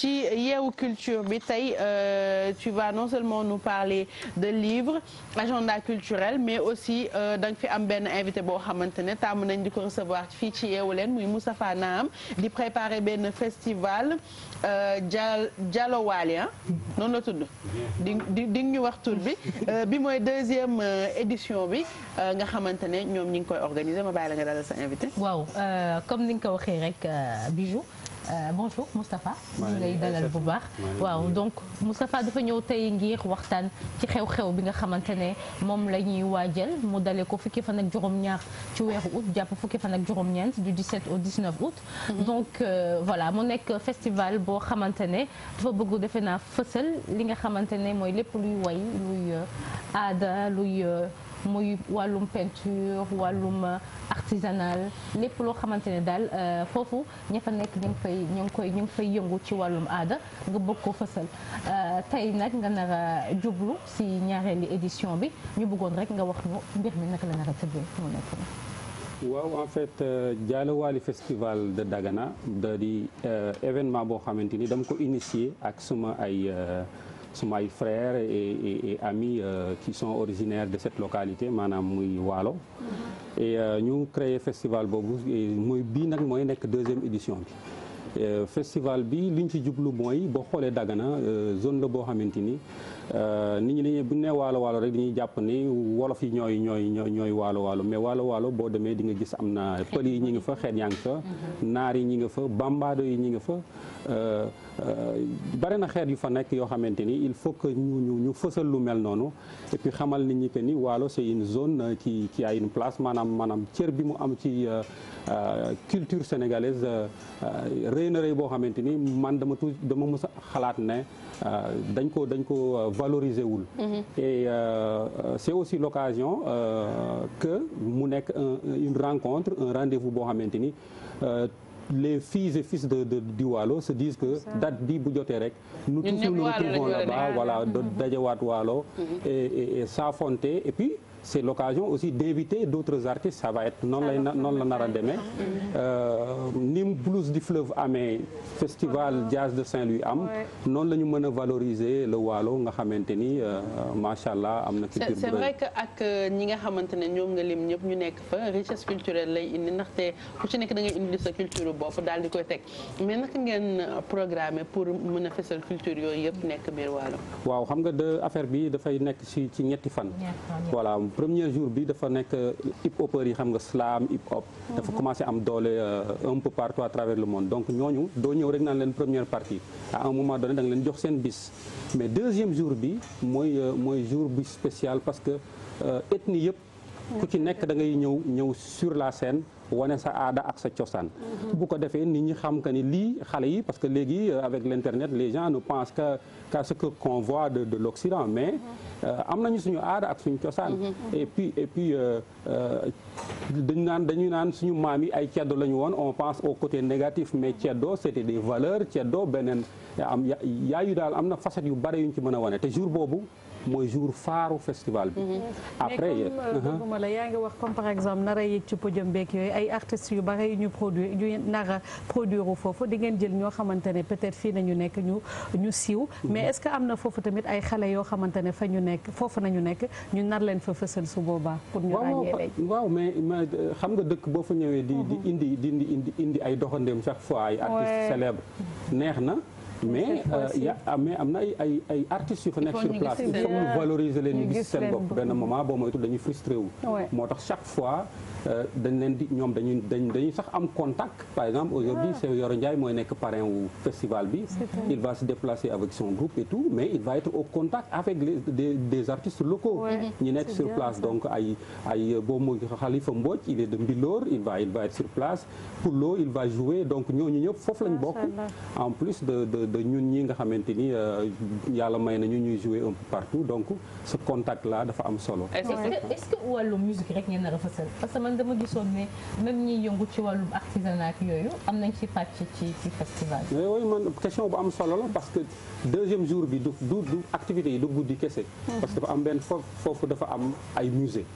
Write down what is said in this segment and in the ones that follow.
ci yeewu culture bi tey euh, tu vas non seulement nous parler de livres agenda culturel mais aussi euh, da nga fi am benn invité boo xamante ne tàmm nañ di ko recevoir fii ci yeewu leen muy Moustapha Naam di préparer benn festival euh, Jal Jalowaali ah noonu la tudd di di di ñu bi bi mooy deuxième édition bi nga xamante ne ñoom ñi ngi koy organiser ma bàyyi la nga dalal sa invité waaw comme ni nga ko waxee rek bijou Euh, bonjour Moustapha. ñu ngi bu baax. waaw donc Moustapha dafa ñëw tey ngir waxtaan ci xew-xew bi nga xamante ne moom la ñuy waajal mu dale ko fukki fan ak juróom-ñaar ci weeru août jàpp fukki fan ak juróom-ñeent du 17 au 19 août. Mhm. donc euh, voilà mu nekk festival boo xamante ne dafa bëgg defe naa fësal li nga xamante ne mooy lépp luy way luy euh, aada luy. muy wàllum peinture wàllum euh, artisanal lépp loo xamante ne daal euh, foofu ña fa nekk ñu ngi fay ñu ngi koy ñu ngi fay yëngu ci wàllum aada nga bëgg ko fësal euh, tey nag nga nar a jublu si ñaareeli édition bi ñu buggoon rek nga wax ñu mbir mi naka la nar a tëddee mu nekk waaw en fait Diallo Wally festival de Dagana da di événement boo xamante ni dama ko initié ak suma ay sumay frères et, e ami amis euh, qui sont originaires de cette localité maanaam muy Waalo e ñu créer festival boobu muy bii nag mooy nekk deuxième édition bi Euh, festival bi liñ ci jublu mooy boo xoolee Dagana euh, zone la boo xamante ni euh, nit ñi dañuy bu ñu waalo waalo rek dañuy jàpp ni wolof yi ñooy ñooy ñooy waalo waalo mais waalo waalo boo demee di nga gis am na pël yi ñi ngi fa xeet yaa ngi fa mm-hmm. naar yi ñi nga fa bambaado yi ñu nga fa bare na xeet yu fa nekk yoo xamante ni il faut que ñu ñu fësal lu mel noonu et puis xamal nit ñi que ni waalo c'est une zone ci qui a une place maanaam maanaam cër bi mu am ci culture sénégalaise rëy na rëy boo xamante ni man dama tu dama xalaat ne euh, dañ ko dañ ko euh, valoriser wul mhm. et euh, c'est aussi l'occasion que mu nekk une rencontre un rendez-vous boo xamante ni les filles et de de Diwaalo se disent que date bi bu jotee rek. nous tous nous nous trouvons là-bas voilà mhm. dajewaat Waalo. Mhm. c'est l'occasion aussi d'inviter d'autres artistes ça va être noonu lay noonu la nar a demee mm-hmm. euh, ni Blues du Fleuve amee festival mm-hmm. jazz de Saint-Louis am noonu la ñu mën a valoriser le waalo nga xamante ni euh, macha allah am na culture c'est vrai que ak euh, ñi nga xamante ne ñoom nga lim ñëpp ñu nekk fa richesse culturelle lay indi ndaxte ku ci nekk da ngay indi sa culture bopp daal di koy teg mais naka ngeen programmer pour mën a fesal culture yooyu yëpp nekk biir waalo waaw xam nga affaire bi dafay nekk ci ci ñetti fan voilà premier jour bi dafa nekk hip hopeurs yi xam nga slam hip hop. dafa commencé am doole euh, un peu partout à travers le monde donc ñooñu doo ñëw rek naan leen première partie à un moment donné da nga leen jox seen bis. mais deuxième jour bi mooy euh, mooy jour bi spécial parce que euh, ethnie yëpp. ku ci nekk da ngay ñëw ñëw sur la scène. wane sa aada ak sa cosaan mhm. bu ko defee nit ñi xam que ni lii xale yi parce que léegi euh, avec l'internet les gens ne pensent que qu'à ce que qu'on voit de de mais mhm. euh, am nañu suñu aada ak suñu cosaan mhm. et puis et puis euh, dañu naan dañu naan suñu maam yi ay ceddo la ñu woon on pense au côté négatif mais ceddo c'était des valeurs ceddo beneen am yaayu daal am na facette yu bare yuñ ci mën a wane te jour boobu mooy jour faaru festival bi. Mhm. après mais euh, uh-huh. yaa ngi wax comme par exemple nara yëg ci podium beeg yooyu ay artistes yu bare yu ñu produit ñu nara produire foofu di ngeen jël ñoo xamante ne peut-être fii nañu nekk ñu ñu siiw. Mhm. mais est-ce que am na foofu tamit ay xale yoo xamante ne fa ñu nekk foofu nañu nekk ñu nar leen fa fësal su boobaa. pour ñu ràññee waaw mais euh, xam nga dëkk boo fa ñëwee. di mhm. indi di indi indi ay doxandeem chaque fois ay artistes célèbres neex na. mais euh, y a ah, mais am na ay ay ay artistes yu fa nekk sur place il faut ñu valoriser leen ñu gis seen bopp benn moment boo moytu dañuy frustré wu moo tax chaque fois Euh, dañ leen di ñoom dañuy dañuy sax am contact par exemple aujourd'hui ah. c'est Yoro Ndiaye mooy nekk parrain wu festival bi il va se déplacer avec son groupe et tout mais il va être au contact avec les des, des artistes locaux ñi nekk sur place donc ay ay boo mooy Khalifa Mbodj il est de Mbilor il va il va être sur place pour l'eau il va jouer donc ñooñu ñëpp foofu lañ bokk en plus de de de ñun ñi nga xamante ni euh, yàlla may nañu ñuy jouer un peu partout donc ce contact là dafa am solo man dama gisoon ne même ñiy yëngu ci wàllum artisanat yooyu am nañ ci pàcc ci festival yooyu man question bu am solo la parce que deuxième jour bi du du activité yi du guddi kese. Hmm. parce que dafa am benn foofu dafa am ay musée.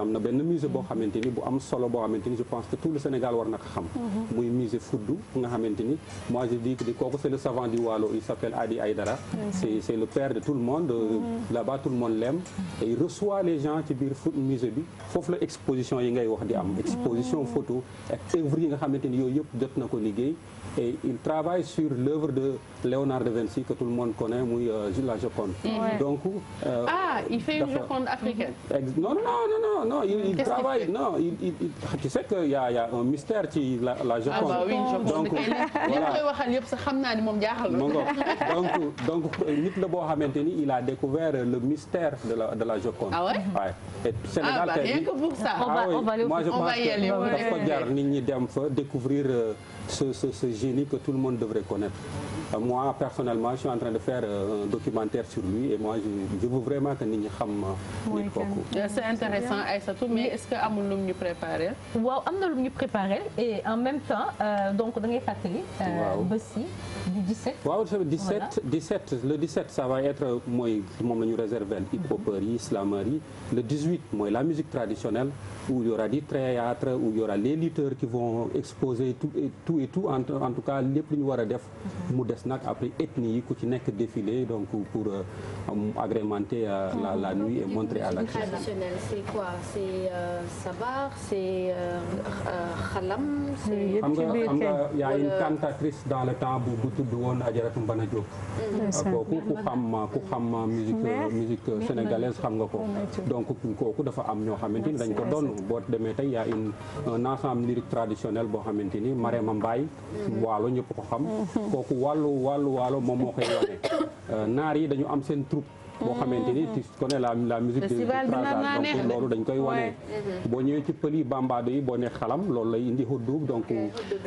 am na benn musée boo xamante ni bu am solo boo xamante je pense que tout le Sénégal war na xam mhm. muy musée Fudd nga xamante moi je dis que kooku c'est le savant du Waalo il s'appelle Adi Aydara c'est c'est le père de tout le monde euh, mhm. là-bas tout le monde l'aime et il reçoit les gens ci biir Fudd bi foofu la exposition yi ngay wax di am mhm. exposition photo ak œuvre yi nga xamante yo yooyu yëpp jot na ko liggéey et il travaille sur l'œuvre de Léonard de Vinci que tout non il, il travaille non il il ah, tu sais que y' a y' a un mystère ci la la Joconde. ah bah oui Joconde kay li ma koy waxal yëpp sax xam naa ni moom jaaxal na. donc donc nit la boo xamante ni il a découvert le mystère de la de la Joconde. ah ouais waaye. et Sénégal tey bi ah bah rien que pour ça. moi je pense que dafa jar nit ñi dem fa découvrir euh, ce ce ce génie que tout le monde devrait connaître. Euh, moi personnellement je suis en train de faire euh, un documentaire sur lui et moi je, je veux vraiment que nit ñi xam. nit euh, kooku c'est intéressant mais est-ce que amul lu ñu préparé. waaw am na lu mu ñu préparé et en même temps euh, donc da ngay du 17. waaw le 17 17 le moom la ñu réserver hip-hopeurs yi slameurs yi mooy la musique traditionnelle où il y aura du théâtre où il y aura les lutteurs qui vont exposer tout et tout en, en tout cas lépp lu ñu war a def def. des nag après ethnie yi ku ci nekk défilé donc pour euh, agrémenter euh, hmm. la la nuit et montrer à la traditionnel c'est quoi c'est euh, sabar c'est xalam c'est xam nga y a une cantatrice dans le temps bu bu tudd woon Ajaratu Mbana Diop hmm. kooku ku xam ku xam musique musique sénégalaise xam nga ko donc kooku dafa am ñoo xamante ni dañ ko doon boo demee tey yaa a une un ensemble lyrique traditionnel boo xamante ni Marema Mbaye hmm. waalo ñëpp ko xam kooku wàllu wàllu wàllu waalo moom moo koy wane euh, naar yi dañu am seen troupe boo xamante ni tu mm-hmm. connais la musique de loolu dañ koy wane boo ñëwee ci pël yi bambado yi boo ne xalam loolu lay indi huddub donc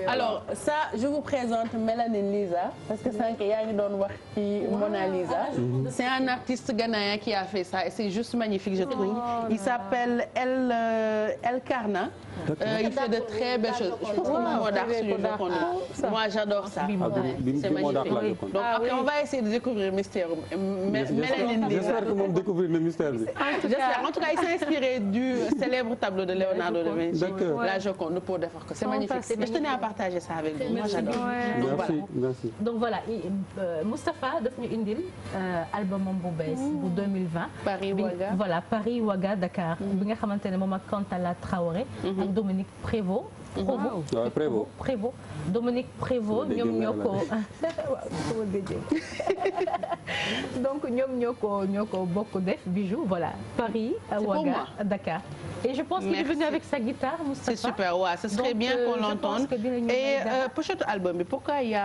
alors ça je vous présente Mélanie Lisa parce que sànq yaa ngi doon wax ci Mona Lisa ah, c'est un artiste ghanéen qui a fait ça et c'est juste magnifique je trouve oh il s'appelle El euh, El euh, il fait de très belles choses je pense que moo daax oh, moi j'adore ça ah, ah après on va essayer de découvrir Mystère indi. j'espère que moom découvrir le mystère bi. j'espère en tout cas il s'est inspiré du célèbre tableau de Leonardo da Vinci. d'accord la Joconde pour defar ko c'est magnifique. je tenais à partager ça avec vous. moi j'adore merci merci. donc voilà euh, euh, mmh. Paris Ouaga voilà Paris Ouaga Dakar. Mmh. bi nga ne moom ak Kantala mmh. Prévost. Prévost Dominique Prévost ñoom ñoo ko waaw donc def bijou voilà Paris Ouaga Dakar et je pense qu'il est venu avec sa guitare Moustapha c'est super waaw ouais, ce serait euh, et euh, pochette album pourquoi il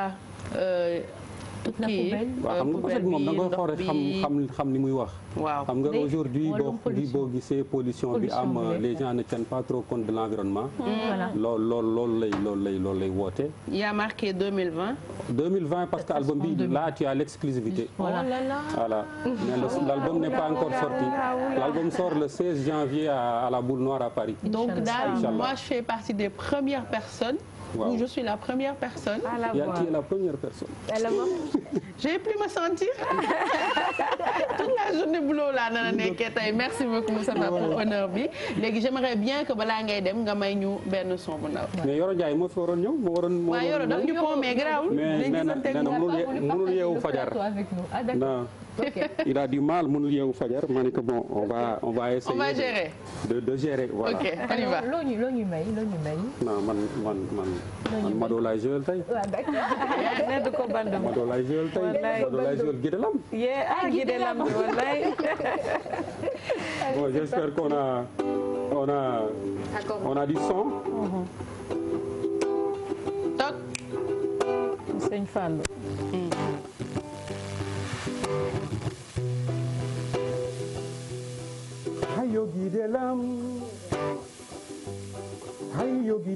kii euh, waaw xam nga peut-être moom da nga koy xool rek xam xam xam li muy wax. waaw xam nga aujourd'hui boo boo gisee pollution bi am les gens ne tiennent pas trop compte de l'environnement. Mm, mm. lool lool loolu lay loolu lay loolu lay woote. y a marqué 2020. 2020 parce que album bi là tu as l'exclusivité. Mm, voilà oh voilà mais l'album n'est pas encore sorti l'album sort le 16 janvier à la Boule Noire à Paris. donc daal moi je fais partie des premières personnes. où je suis la première personne. À la voir. qui est la première personne. À la voir. J'ai plus me sentir. Toute la journée boulot laa nana nekkee tey merci beaucoup Moussa pour honneur bi léegi j'aimerais bien que balaa ngay dem nga may ñu benn son na ndaw. mais Yoro Ndiaye moo fi waroon ñëw moo waroon. moo waroon ñëw waaw Yoro daf ñu pommé garaawul. mais nee na nee na mënul yeewu fajar. il a du mal mënul yeewu fajar ma ne bon on va on de gérer loo ñu may loo ñu may. non man man man. man Mado laay du ko bandam. Mado laay jël tey Gidelam. Gidelam wallaay. bon j'espère qu'on on a. on a du son. Uh-huh. toog. sëñ yogi delam hay yogi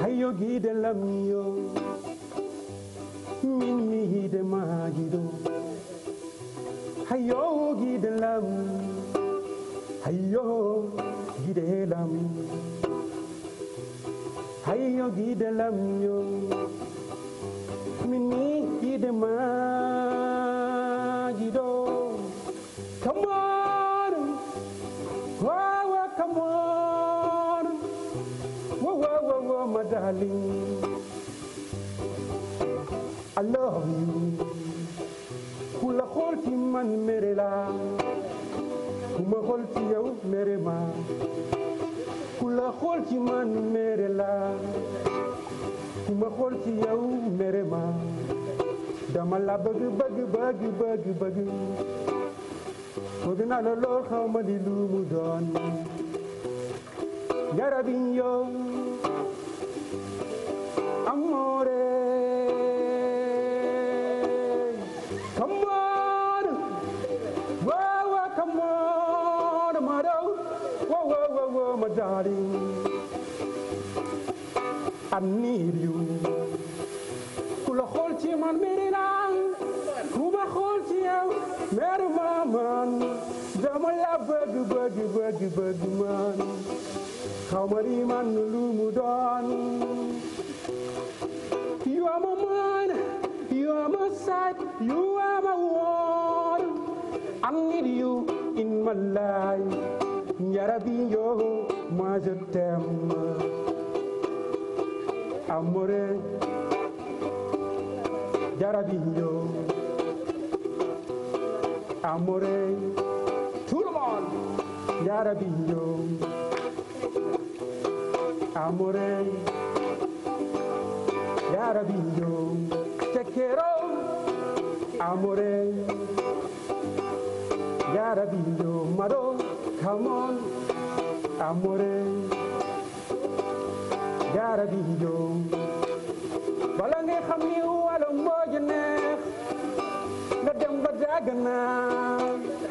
hay yogi delam yo min mi de magido hay yogi hay yogi delam hay yogi delam yo min Come on. Wow, wow, come on. Whoa, whoa, whoa, ku la xool ci man mere la ku ma xool ci yow mere ma ku la xool ci man mere la ku ma xool ci yow mere ma dama la bëgg bëgg bëgg bëgg bëgg bëgg naa la lool xaw ma di lu mu doon jarabiñ yow amore kamoor waawa kamoor ma daw waawa ma darling I need you ku la xool ci man mere naa ku ma xool ci yow mere ma xaw ma yaa bëgg bëgg bëgg bëgg man ma di man lu mu doon you are my man you are my side you are my world I need you in my life njarabi yoo moi je t'aime yoo amore ya Rabbi yo amore ya Rabbi yo te quiero amore Rabbi yo maro come on amore ya Rabbi yo bala ngay xam ni wàllu moo neex nga dem ba jàgg naa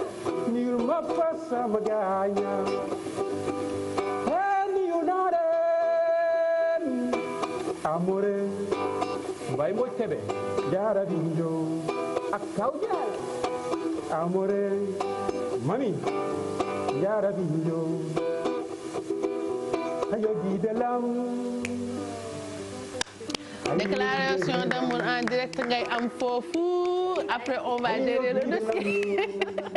ngir ma fa sama gaaña hen yu naareen amore mbay mbooj tebe jaara binjo ak kaw jaar amore mami jaara binjo ayo jiide lam déclaration d'amour en direct ngay am foofu après on va derrière le dossier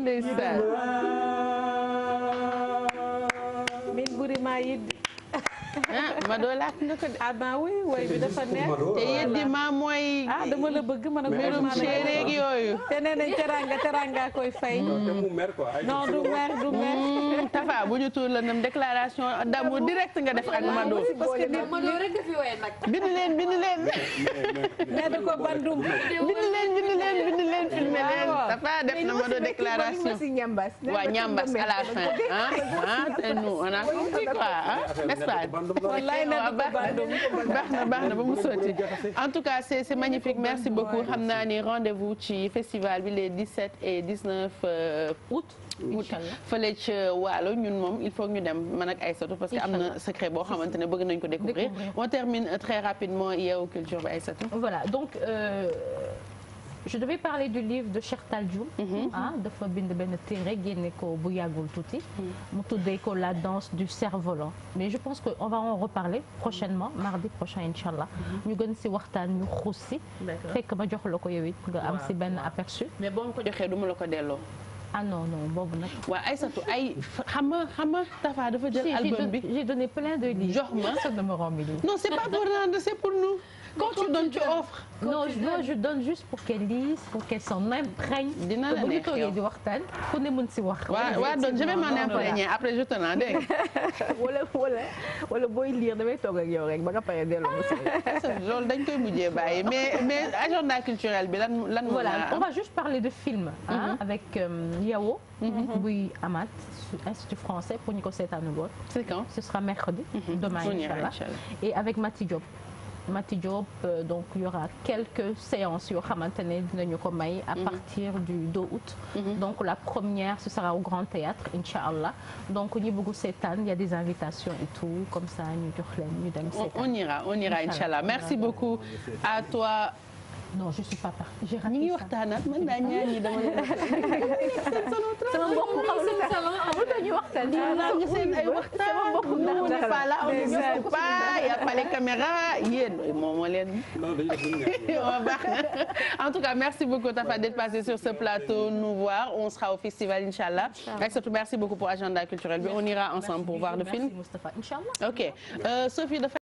ndeysaan min ɓuri ah, ma yidde madoo laak nga ko de ah ben way bi dafa neex te yeddi ma mooy ah dama la bëgg man ak mbirum chéréeg yooyu te nee nañ teranga teranga koy fay non du mer du mer mm. Nafa bu ñu tuur la nam déclaration d'amour direct nga def ak Mado. parce que Mado rek daf yooyee nag. bind leen bind leen. nee na ko bandum. bind leen bind leen bind leen filmé leen. Nafa def na Mado déclaration. waaw ñambas a compris quoi ah nest ba mu sotti. en tout cas c'est c'est magnifique merci beaucoup xam naa ni rendez-vous festival bi les 17 e 19 août. incha allah fële yooyu ñun moom il faut ñu dem man ak Aïssatou parce que am na secret boo xamante ne bëgg nañ ko découvrir on termine très rapidement Yeewu Culture bi Aïssatou voilà donc euh... je devais parler du livre de Cheikh Tal Dioum mm-hmm. ah dafa bind benn téere génne ko bu yàggul tuuti mm-hmm. mu tuddee ko la danse du cerf-volant mais je pense que on va en reparler prochainement mm-hmm. mardi prochain incha allah ñu gën si waxtaan ñu xuus si fekk ma jox la ko yow it nga am si benn aperçu mais boo ma ko joxee du ma la ko delloo ah non non boobu nag. waaw Aïssatou ay xam nga xam nga Tafa dafa jël album bi. j'ai donné plein de livres jox ma. non c'est pas pour rendre c'est pour nous. quand tu donnes tu non non je donne juste pour qu'elle lise pour qu'elle s'en imprègne. dina la neex yow bu ñu toogee di waxtaan ku ne mën si wax. waaw waaw donc je vais m'en imprégner après je te la dégg wala wala wala booy lire damay toog ak yow rek ba nga pare delloo loolu dañ koy mujjee bàyyi mais mais agenda culturel bi lan lan. voilà on va juste parler de film. ah avec euh, Yao. Mhm. buy amaat institut français pour ñu ko seetaanu bool. c'est quand ce sera mercredi. Mhm. demain inchallah et avec Mati Diop. Mati Diop euh, donc il y aura quelques séances yoo xamante ne dinañu ko may. à mhm. partir du 2 août. Mhm. donc la première ce sera au Grand Théâtre incha allah donc ñi bëgg seetaan il y a des invitations et tout comme ça ñu jox leen ñu dem. seetaan on ira on ira incha allah merci beaucoup à toi. non je suis pas partie j'ai raté. ñu ngi waxtaanaat man daa ñaar ñi dama leen sama mbokk xamul tax amul tax ñu waxtaan. maanaam ñu seen ay y a pas les caméras yéen moom moo leen. baax na en tout cas merci beaucoup Tafa d'être passé sur ce plateau nous voir on sera au festival inchallah ak surtout merci agenda culturel bi on ira ensemble pour voir le film. ok euh, Sophie